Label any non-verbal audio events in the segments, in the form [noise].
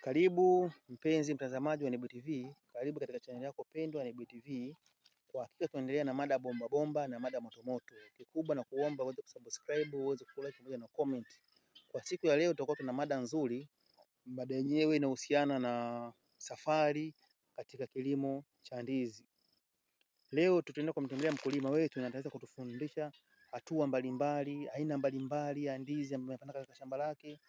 Karibu mpenzi mtazamaji wa Nebuye TV, karibu katika chaneli yako pendwa Nebuye TV. Kwa hakika tunaendelea na mada bomba bomba na mada moto moto. Kikubwa na kuomba uweze kusubscribe, uweze kulike pamoja na comment. Kwa siku ya leo tutakuwa tuna mada nzuri. Mada yenyewe inahusiana na safari katika kilimo cha ndizi. Leo tutaenda kumtembelea mkulima wetu na ataweza kutufundisha hatua mbalimbali, aina mbalimbali ya ndizi ambayo amepanda katika shamba lake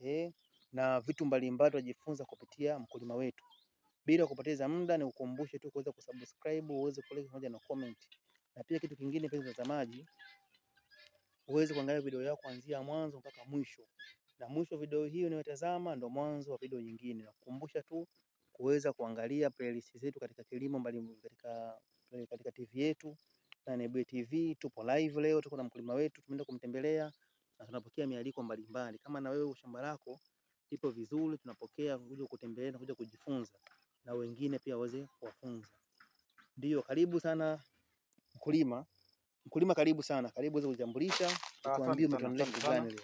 eh, na vitu mbalimbali tunajifunza kupitia mkulima wetu. Bila kupoteza muda, ni ukumbushe tu kuweza kusubscribe, uweze kulike pamoja na comment. Na pia kitu kingine, mpenzi mtazamaji, uweze kuangalia video yako kuanzia mwanzo mpaka mwisho, na mwisho video hii unayotazama ndo mwanzo wa video nyingine. Nakukumbusha tu kuweza kuangalia playlist zetu katika kilimo mbalimbali, katika katika TV yetu na NEBUYE TV. Tupo live leo, tuko na mkulima wetu, tumeenda kumtembelea na tunapokea mialiko mbalimbali. Kama na wewe shamba lako ipo vizuri, tunapokea kuja kutembelea na kuja kujifunza na wengine pia waweze kuwafunza. Ndio, karibu sana mkulima. Mkulima karibu sana, karibu uweze kujitambulisha, ah, tuambie umetembelea kitu gani leo.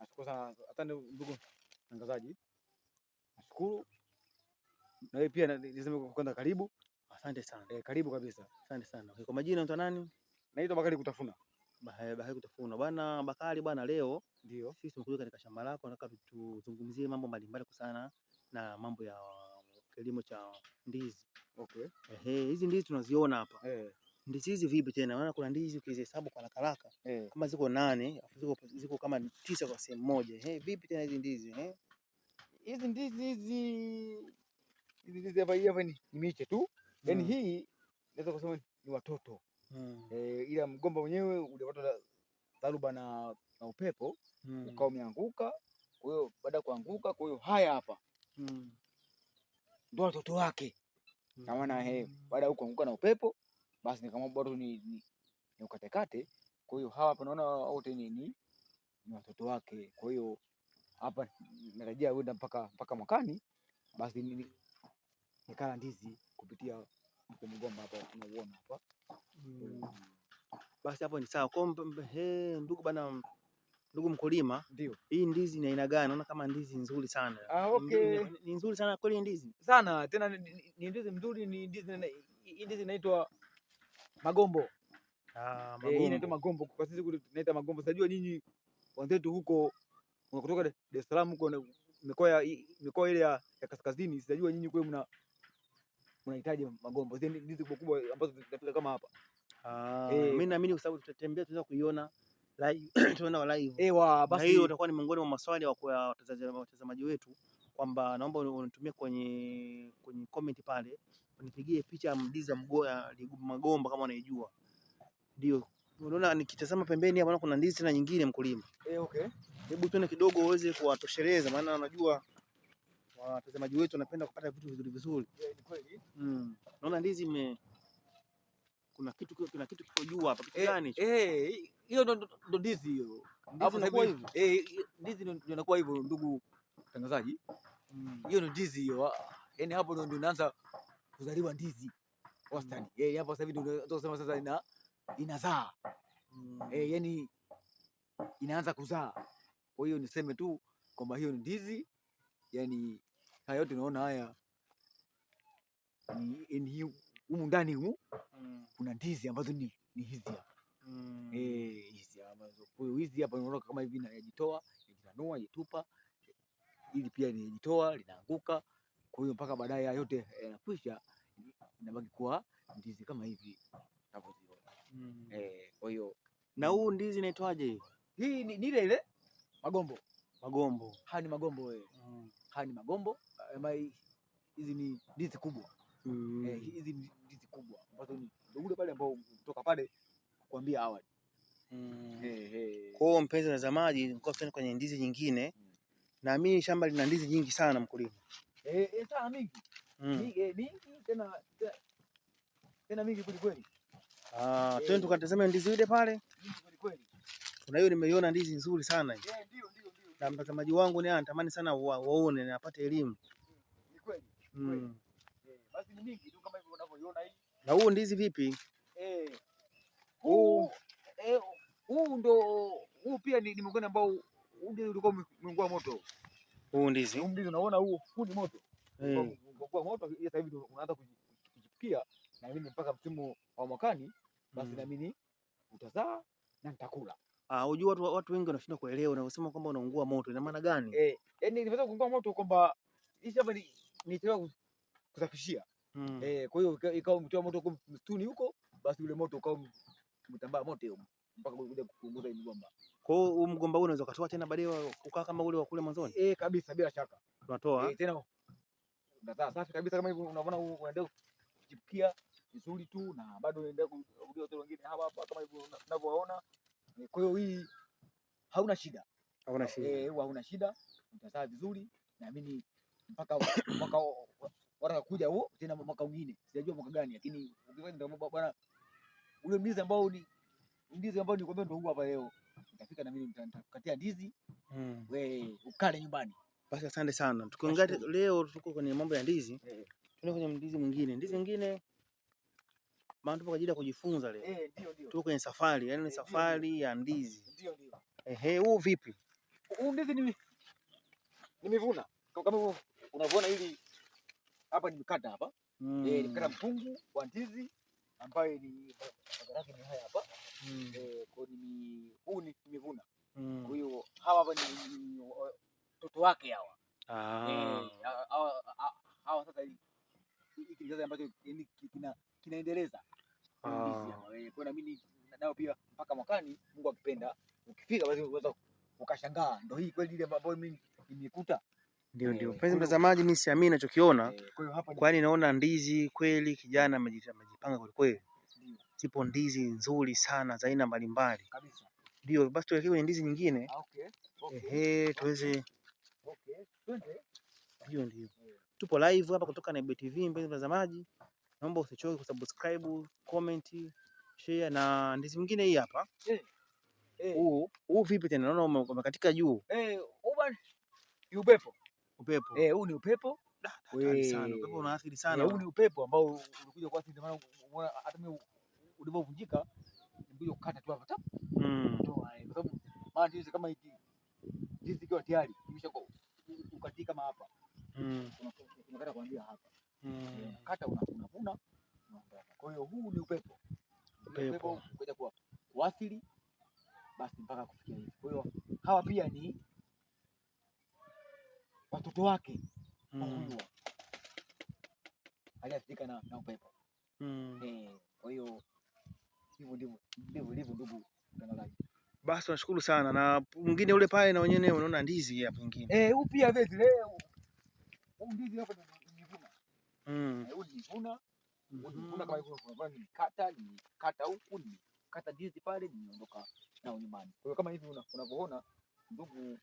Nashukuru sana, asante ndugu mtangazaji, nashukuru na wewe pia niseme kwanza karibu. Asante sana. Eh, karibu kabisa. Asante sana. Kwa majina unaitwa nani? Naitwa Bakari Kutafuna bahari kutafuna. Bwana Bakari, bwana leo ndio sisi tumekuja katika shamba lako, nataka tuzungumzie mambo mbalimbali kuhusiana na mambo ya kilimo cha ndizi. Okay. Ehe, hizi ndizi tunaziona hapa. Eh. Ndizi hizi vipi tena? Maana kuna ndizi ukizihesabu kwa haraka eh, kama ziko nane, ziko, ziko kama tisa kwa sehemu moja. Ehe, vipi tena hizi ndizi? Eh. Hizi ndizi hizi hizi ndizi hapa ni miche tu. Yaani hmm. hii naweza kusema ni watoto hmm. E, ila mgomba mwenyewe ulipata dharuba na, na upepo hmm. ukawa umeanguka. Kwa hiyo baada ya kuanguka, kwa hiyo haya hapa mm. ndo watoto wake mm. na he, baada ya kuanguka na upepo, basi nikamwomba bado ni, ni, ni ukatekate. Kwa hiyo hawa hapa naona wote ni, ni, ni watoto wake. Kwa hiyo hapa narejea wenda mpaka mpaka mwakani, basi nikala ndizi kupitia hapo mgomba hapo unaona hapa. Mm. Basi hapo ni sawa. Hey, ndugu bana, ndugu mkulima, ndio hii ndizi ni aina gani? Naona kama ndizi nzuri sana. Ah, okay. Ni nzuri sana kweli ndizi sana tena, ni ndizi nzuri, ni ndizi hii ndizi inaitwa Magombo. Ah, eh, Magombo. Eh, inaitwa Magombo kwa sisi tunaita Magombo. Sajua nyinyi wenzetu huko kutoka Dar es Salaam huko mikoa mikoa ile ya kaskazini, sijajua nyinyi kwe mna unahitaji Magombo, zile ndizi kubwa kubwa ambazo zinafika kama hapa. Ah, hey. Eh. Mimi naamini kwa sababu tutatembea tunaweza kuiona live, [clears throat] tunaona eh, wa live. Ewa, basi hiyo itakuwa ni miongoni mwa maswali ya watazamaji wetu kwamba naomba unitumie kwenye kwenye comment pale unipigie picha ya mdizi ya magomba kama unaijua. Ndio. Unaona nikitazama pembeni hapa kuna ndizi tena nyingine mkulima. Eh, okay. Hebu tuone kidogo uweze kuwatosheleza maana unajua watazamaji wetu wanapenda kupata vitu vizuri vizuri. Yeah, Mm. Naona ndizi ime kuna kitu kuna kitu kiko juu hapa. Kitu eh, gani? Eh, hiyo ndo ndizi hiyo. Alafu hivyo. Eh, ndizi ndio inakuwa hivyo ndugu mtangazaji. Hmm. Hiyo ndo ndizi hiyo. Yaani hapo ndo inaanza kuzaliwa ndizi. Wastani. Eh, hapo sasa hivi ndio tunasema sasa ina inazaa. Hmm. Eh, yani inaanza kuzaa. Kwa hiyo niseme tu kwamba hiyo ni ndizi yani Haya yote unaona haya humu ndani humu mm. kuna ndizi ambazo ni, ni hizi hapa mm. eh, hizi ambazo kwa hiyo hizi hapa unaona kama hivi najitoa najinanua jitupa ili pia linajitoa linaanguka. Kwa hiyo mpaka baadaye haya yote yanakwisha, inabaki kuwa ndizi kama hivi unavyoziona mm. eh, kwa hiyo na huu ndizi inaitwaje? Hii ni ile ile magombo, magombo. Haya ni magombo wewe. Mm. Haya ni magombo Uh, hizi ni ndizi kubwa mm. Eh, ndizi kubwa ambazo ni pale ambao kutoka pale awali mm. eh, eh. mpenzi mtazamaji, kwenye ndizi nyingine mm. Naamini shamba lina ndizi nyingi sana mkulima eh, eh sana mingi mm. mingi, tena tena, mingi ah, ndizi ile pale. Kuna hiyo nimeiona ndizi nzuri sana hii na mtazamaji wangu naye anatamani sana waone na apate elimu mm. Na huu ndizi vipi? Eh, huu eh, huu ndo huu pia ni mgeni ambao ulikuwa umengua moto. Huu ndizi. Huu ndizi unaona huu, huu ni moto. Eh. Kwa moto sasa hivi unaanza kujipikia na mimi mpaka msimu wa mwakani basi mm. na mimi utazaa na nitakula. Ah, Unajua watu, watu wengi wanashindwa kuelewa unaposema kwamba unaungua moto ina maana gani? Eh, yani inaweza kuungua moto kwamba hizi hapa ni ni tena kusafishia. Mm. Eh, kwa hiyo ikawa mtoa moto huko msituni huko, basi ule moto ukawa mtambaa moto hiyo mpaka kuja kuunguza ile mgomba. Kwa hiyo huu mgomba huu unaweza kutoa tena baadaye ukaa kama ule wa kule mwanzoni? Eh, kabisa bila shaka. Tunatoa. Eh, tena unazaa safi kabisa kama hivi unaona unaendelea kuchipukia vizuri tu na bado unaendelea kuongea watu wengine hapa hapa kama hivyo unavyoona. Eh, kwa hiyo hii hauna shida, hauna shida eh, hauna shida, utazaa vizuri, naamini mpaka mpaka kuja huo tena mwaka mwingine, sijajua mwaka gani, lakini bwana, ule mlizi ambao ni ndizi ambao kwambia ndio huu hapa leo nitafika na mimi nitakukatia ndizi mm. Wewe ukale nyumbani. Basi asante sana, tukiongea leo tuko kwenye mambo ya ndizi, eh. Tuna kwenye ndizi mwingine, ndizi nyingine maana tupo kwa ajili ya kujifunza leo. Eh, ndio ndio. Tupo kwenye safari, yani ni eh, safari ya ndizi. Ndio ndio. Ehe, huu vipi? Huu ndizi ni nimevuna. Kama unavuna hili hapa nimekata hapa. Mm. Eh, nimekata mkungu wa ndizi ambaye ni magaraki ni haya hapa. Mm. Eh, kwa nini huu ni nimevuna. Mm. Kwa hiyo hawa hapa ni mtoto wake hawa. Ah. Eh, hawa hawa sasa hiki kizazi ambacho kina kinaendeleza kwa ah. eh, mimi nao pia mpaka mwakani, Mungu akipenda, ukifika basi unaweza ukashangaa, ndio hii kweli ile ambayo mimi nimekuta. Ndio, ndio eh, mpenzi mtazamaji, mimi siamini ninachokiona, eh, kwani naona ndizi kweli. Kijana amejipanga kwa kweli, zipo ndizi nzuri sana za aina mbalimbali kabisa. Ndio basi tuelekee kwenye ndizi nyingine. Ah, Ehe, tuweze Ndio, ndio tupo live hapa kutoka Nebuye TV, mpenzi mtazamaji. Naomba usichoke kusubscribe, comment, share na ndizi mwingine hii hapa. Eh, eh. Huu huu vipi tena? Naona umekatika juu. Eh, ni upepo. Upepo. Eh, huu ni upepo. Sana. Upepo unaathiri sana. Eh, huu ni upepo ambao ulikuja kwa asili maana unaona hata mimi ulivyovunjika ndio kukata tu hapa. Mm. Kwa sababu maana hizi kama hii ndizi ikiwa tayari imeshakukatika ukatika mahapa Mm. Unakata kuanzia hapa mm. kata unavuna vuna Kwa hiyo huu ni upepo, upepo kuja kwa kuathiri basi mpaka kufikia hivi. Kwa hiyo hawa pia ni watoto wake mm. aliathirika na, na upepo mm. Eh, kwa hiyo hivyo ndivyo ndivyo ndugu mtangazaji. Basi tunashukuru sana na mwingine ule pale na wenyewe unaona ndizi hapo nyingine. Eh, huu pia vile vile. Huu ndizi hapo mm. Eh, huyu kama hivyo mm-hmm. huku ndizi pale nao nyumbani. Kwa hiyo kama hivi unavyoona ndugu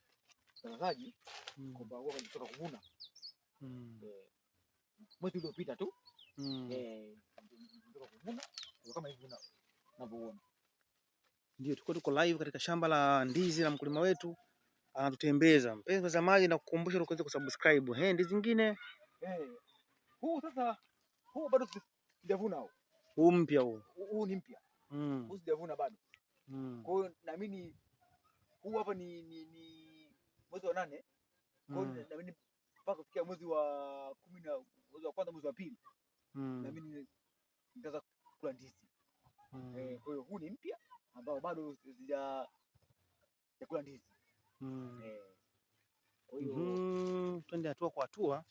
mtangazaji mm. kwamba huwa kuvuna mm. eh, mwezi uliopita tu mm. eh, kuvuna kama hivi unavyoona ndio tuko tuko live katika shamba la ndizi la mkulima wetu anatutembeza. Mpenzi mtazamaji, na kukumbusha tuweze kusubscribe. Hey, ndizi zingine hey. Huu sasa huu bado sijavuna huu. Huu mpya huu. Huu ni mpya. Mm. Huu sijavuna bado. Mm. Kwa hiyo naamini huu hapa ni ni, ni mwezi wa nane. Kwa hiyo mm. naamini mpaka kufikia mwezi wa kumi na mwezi wa kwanza mwezi wa pili. Mm. Naamini nitaanza kula ndizi. Mm. Eh, kwa hiyo huu ni mpya ambao bado sija kula ndizi. Mm. Eh, kwa hiyo mhm. twende hatua kwa hatua.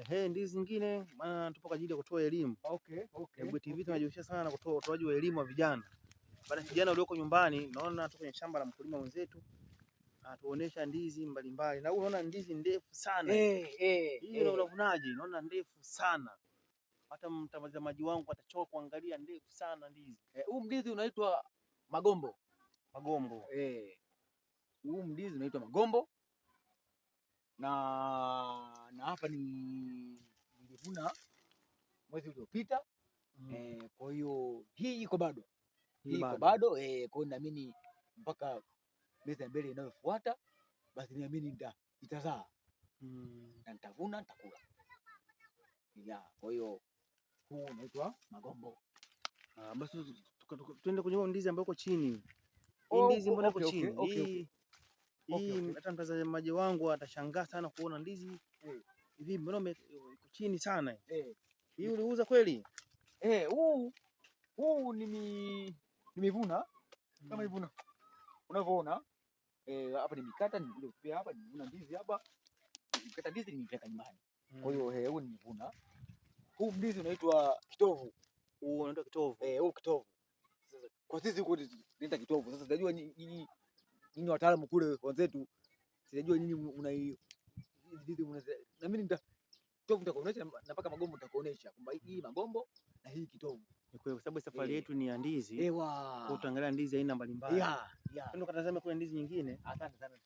Ehe, ndizi zingine maana tupo kwa ajili ya kutoa elimu. Okay, okay. Mbwe TV tunajihusisha sana na kutoa utoaji wa elimu wa vijana. Bana vijana walioko nyumbani, naona tu kwenye shamba la mkulima mwenzetu. Anatuonesha ndizi mbalimbali. Na unaona ndizi ndefu sana. Eh, eh. Hii ndio eh. unavunaji, naona ndefu sana. Hata mtazamaji wangu atachoka kuangalia ndefu sana ndizi. Eh, huu ndizi unaitwa magombo. Magombo. Eh. Huu ndizi unaitwa magombo na na hapa nilivuna mwezi uliopita mm. E, kwa hiyo hii iko bado, hii iko bado e, kwa hiyo naamini mpaka miezi ya mbele inayofuata basi niamini itazaa mm. na nitavuna nitakula. ya kwa hiyo huu unaitwa Magombo. Ah, basi tuende kwenye ndizi ambayo iko chini. Oh, ndizi mbona iko chini? hii Hata mtazamaji wangu atashangaa sana kuona ndizi eh, hivi mbona iko eh, chini sana eh. Hii uliuza kweli? Eh, huu huu nimi nimevuna kama hivuna mm. unavyoona eh, hapa nimekata nilipea hapa nimevuna ndizi hapa nimekata ndizi nimepeleka nyumbani. Kwa hiyo mm. eh, huu nimevuna. Huu ndizi unaitwa kitovu. Huu unaitwa kitovu. Eh, huu kitovu. kwa sisi huko ndio kitovu. Sasa unajua nyinyi nyinyi wataalamu kule wenzetu, sijajua nyinyi mna na mimi nita kitovu nitakuonesha na paka magombo nitakuonesha kwamba hii magombo na hii kitovu. kwa sababu safari eh. yetu ni ya ndizi. Ewa. Kwa utaangalia ndizi aina mbalimbali. Ya, ya. Ndio katazame kuna ndizi nyingine. Asante sana.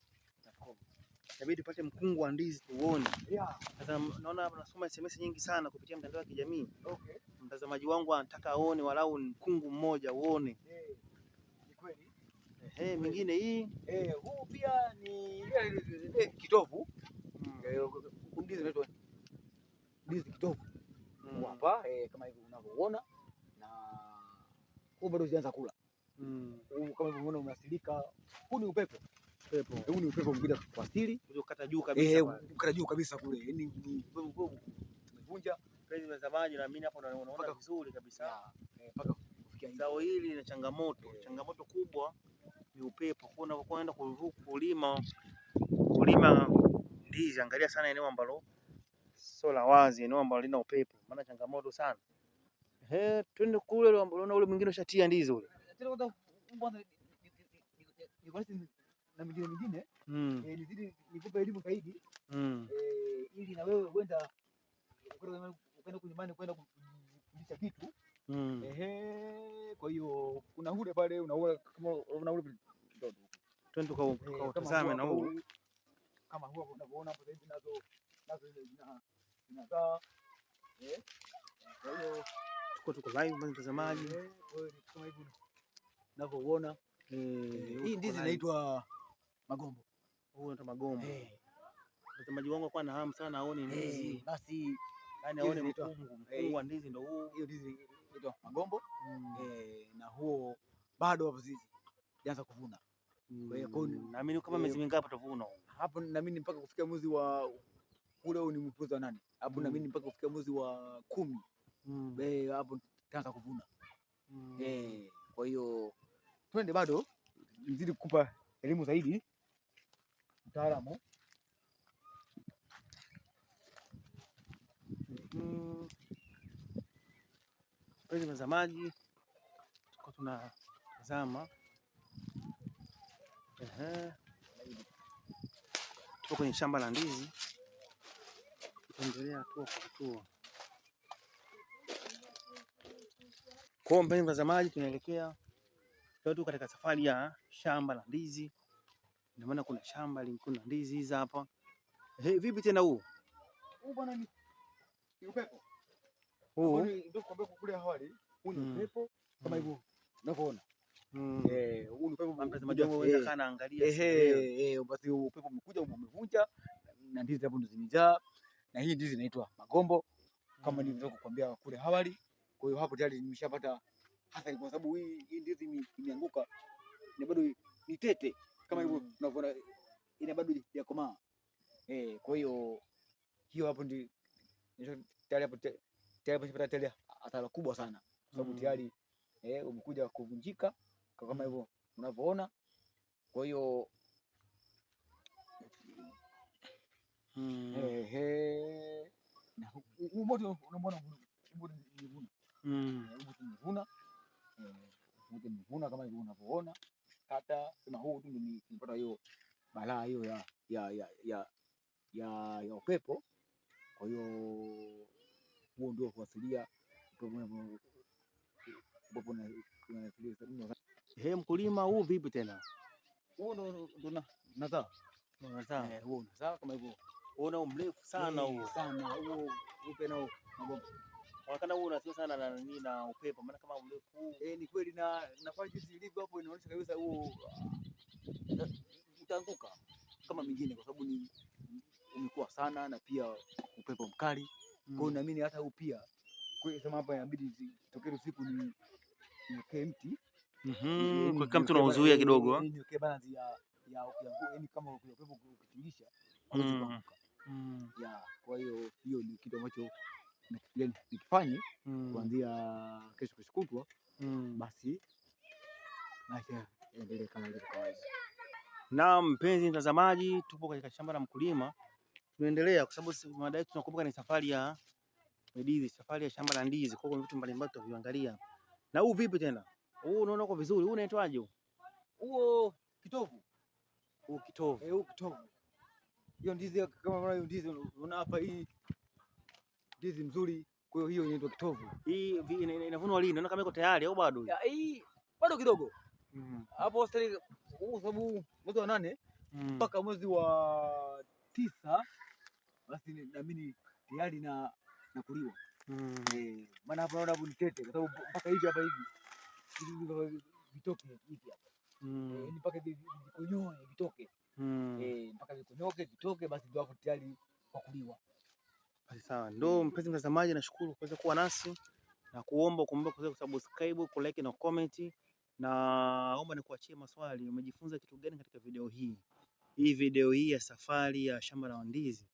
Inabidi tupate mkungu wa ndizi tuone. Yeah. Sasa naona nasoma SMS nyingi sana kupitia mtandao wa kijamii. Okay. Mtazamaji wangu anataka aone walau mkungu mmoja uone. Yeah eh, mingine hii eh, huu pia ni ile kitovu mm. eh, ndizi inaitwa ndizi kitovu mm. hapa eh, kama hivi unavyoona, na huu bado sijaanza kula mm. Huu kama unavyoona umeasilika, huu ni upepo upepo, eh, huu ni upepo mwingine kwa asili, ukata juu kabisa, eh, ukata juu kabisa kule, yani ni upepo umevunja watazamaji, na mimi hapo naona vizuri kabisa eh, mpaka kufikia. Zao hili na changamoto, changamoto kubwa upepo. Kwa unapokuwa unaenda kulima kulima ndizi, angalia sana eneo ambalo sio la wazi, eneo ambalo lina upepo, maana changamoto sana. Ehe, twende kule ile ambalo ule mwingine ushatia ndizi ule. Na mingine mingine mm. Eh, nizidi nikupe elimu zaidi mm. Eh, ili na wewe uenda kwenda kulimani kwenda kufundisha kitu Mm. Ehe, kwa hiyo kuna ule pale unaona kama una ule mdodo. Twende kwa huko tazame na huu Kama huo unavyoona hapo hivi nazo nazo zina zinazaa. Eh? Kwa hiyo tuko tuko live mtazamaji. Kwa hiyo kama hivi unavyoona mm, hii ndizi inaitwa magombo. Huo unaitwa magombo. Mtazamaji wangu kwa na hamu sana aone ndizi. Basi yani aone mkungu. Mkungu wa ndizi ndio huu. Hiyo ndizi wakati Magombo mm. e, na huo bado hapo sijaanza kuvuna mm. naamini kama eh, miezi mingapi utavuna hapo, naamini mpaka kufikia mwezi wa ule ni mwezi wa nani hapo mm. naamini mpaka kufikia mwezi wa kumi mm. eh, hapo taanza kuvuna mm. eh, kwa hiyo twende bado nizidi kukupa elimu zaidi mtaalamu mm. Mpenzi mtazamaji, tuko tunatazama, tuko kwenye shamba la ndizi, tuendelea hatua kwa hatua. Kwa mpenzi mtazamaji, tunaelekea leo, tu katika safari ya shamba la ndizi, ndio maana kuna shamba na ndizi hizi hapa. Ehe, vipi tena huo? Huo bwana ni upepo huu ndio kwamba kule awali huu ni hmm. pepo kama hmm. hivyo unavyoona. Hmm. Eh, eh. eh umekuja umevunja na ndizi hapo ndo zimejaa. Na hii ndizi inaitwa magombo kama nilivyokuambia kule awali. Kwa hiyo hapo tayari nimeshapata hasa kwa sababu hii hii ndizi imeanguka ni bado ni tete kama hivyo unavyoona ina bado ya komaa. Eh, kwa hiyo hiyo hapo ndio tayari hapo tayari umeshapata tele hasara kubwa sana, sababu mm. tayari eh, umekuja kuvunjika kama hivyo unavyoona. Kwa hiyo mm. moto mbona mvuna mvuna kama hivyo unavyoona, hata sema huu tu nimepata hiyo balaa hiyo ya ya ya ya ya upepo, kwa hiyo huo ndio huasilia he mkulima huu vipi tena huu ndo na nazaa huo nazaa eh, kama hivyo una mrefu sana huu. sana huu upe na huu. wakana huu unatia sana na nini na upepo maana kama mrefu huu eh ni kweli na na kwa jinsi ilivyo hapo inaonyesha kabisa huu ah, utaanguka kama mingine kwa sababu ni umekuwa sana na pia upepo mkali kwa hiyo mm. naamini hata huu pia sema hapa inabidi tokee usiku ni niweke mti mhm, kwa mtu unauzuia kidogo kwa hiyo hiyo ni kitu ambacho nikifanye mm. kuanzia kesho kesho kutwa, mm. basi naendelea kama ilivyo kawaida. Na mpenzi mtazamaji, tupo katika shamba la mkulima tunaendelea kwa sababu mada yetu tunakumbuka ni safari ya ndizi, safari ya shamba la ndizi. Kwa hiyo vitu mbalimbali tunaviangalia. Na huu vipi tena? Huu unaona uko vizuri. Huu unaitwaje huu? Huo kitovu. Huu kitovu. Eh, huu kitovu. Hiyo ndizi kama unaona hiyo ndizi unaona hapa hii ndizi nzuri. Kwa hiyo hiyo inaitwa kitovu. Hii inavunwa lini? Unaona kama iko tayari au bado? Ya Hii bado kidogo. Mhm. Hapo hosteli huu sababu mwezi wa nane mm. mpaka mwezi wa tisa basi naamini tayari na nakuliwa. Mm. Eh, maana hapa naona ni tete kwa sababu mpaka hivi hapa hivi hivi vitoke hivi hapa. Mm. Eh, mpaka vikonyoe vitoke. Mm. Eh, mpaka vikonyoke vitoke basi ndio hapo tayari kwa kuliwa. Basi sawa. ndo eh. mpenzi mtazamaji, nashukuru kuweza kuwa nasi na kuomba kuomba kuweza kusubscribe, ku like na comment na omba ni kuachie maswali, umejifunza kitu gani katika video hii? Hii video hii ya safari ya shamba la ndizi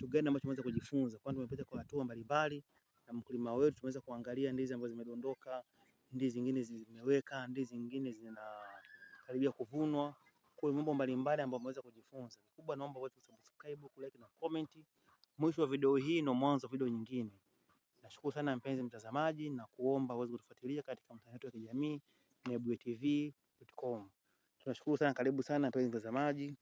kitu gani ambacho tumeweza kujifunza, kwani tumepita kwa hatua mbalimbali na mkulima wetu. Tumeweza kuangalia ndizi ambazo zimedondoka, ndizi zingine zimeweka, ndizi zingine zinakaribia kuvunwa. Kwa mambo mbalimbali ambayo tumeweza kujifunza. kubwa, naomba watu subscribe, like na comment. Mwisho wa video hii na mwanzo wa video nyingine. Nashukuru sana mpenzi mtazamaji na kuomba uweze kutufuatilia katika mtandao wetu wa kijamii nebuye tv.com. Tunashukuru sana, karibu sana mpenzi mtazamaji.